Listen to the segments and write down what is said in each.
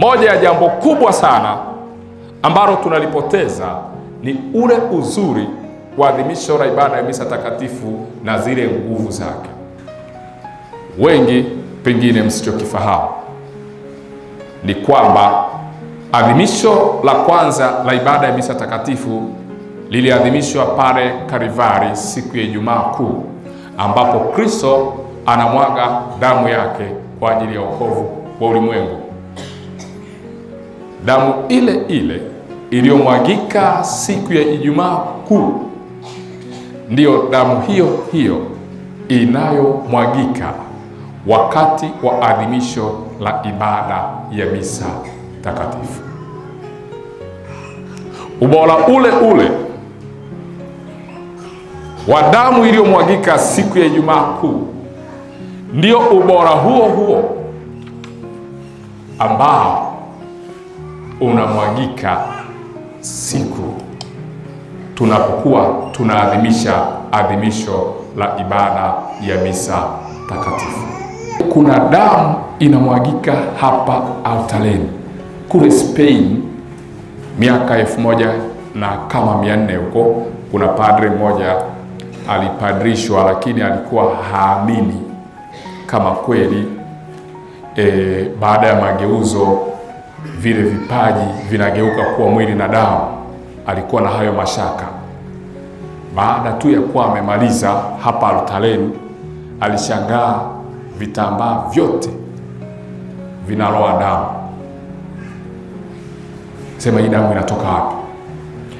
Moja ya jambo kubwa sana ambalo tunalipoteza ni ule uzuri wa adhimisho la ibada ya misa takatifu na zile nguvu zake. Wengi pengine msichokifahamu ni kwamba adhimisho la kwanza la ibada ya misa takatifu liliadhimishwa pale Kalvari siku ya Ijumaa Kuu, ambapo Kristo anamwaga damu yake kwa ajili ya wokovu wa ulimwengu damu ile ile iliyomwagika siku ya Ijumaa Kuu ndiyo damu hiyo hiyo inayomwagika wakati wa adhimisho la ibada ya misa takatifu. Ubora ule ule wa damu iliyomwagika siku ya Ijumaa Kuu ndio ubora huo huo ambao unamwagika siku tunapokuwa tunaadhimisha adhimisho la ibada ya misa takatifu. Kuna damu inamwagika hapa altareni. Kule Spain miaka elfu moja na kama mia nne huko, kuna padre mmoja alipadrishwa, lakini alikuwa haamini kama kweli e, baada ya mageuzo vile vipaji vinageuka kuwa mwili na damu. Alikuwa na hayo mashaka. Baada tu ya kuwa amemaliza hapa altareni, alishangaa vitambaa vyote vinaloa damu. Sema, hii damu inatoka wapi?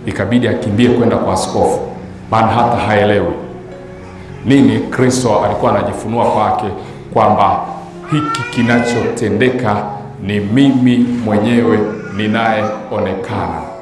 Ikabidi akimbie kwenda kwa askofu, maana hata haelewi nini. Kristo alikuwa anajifunua kwake kwamba hiki kinachotendeka ni mimi mwenyewe ninayeonekana.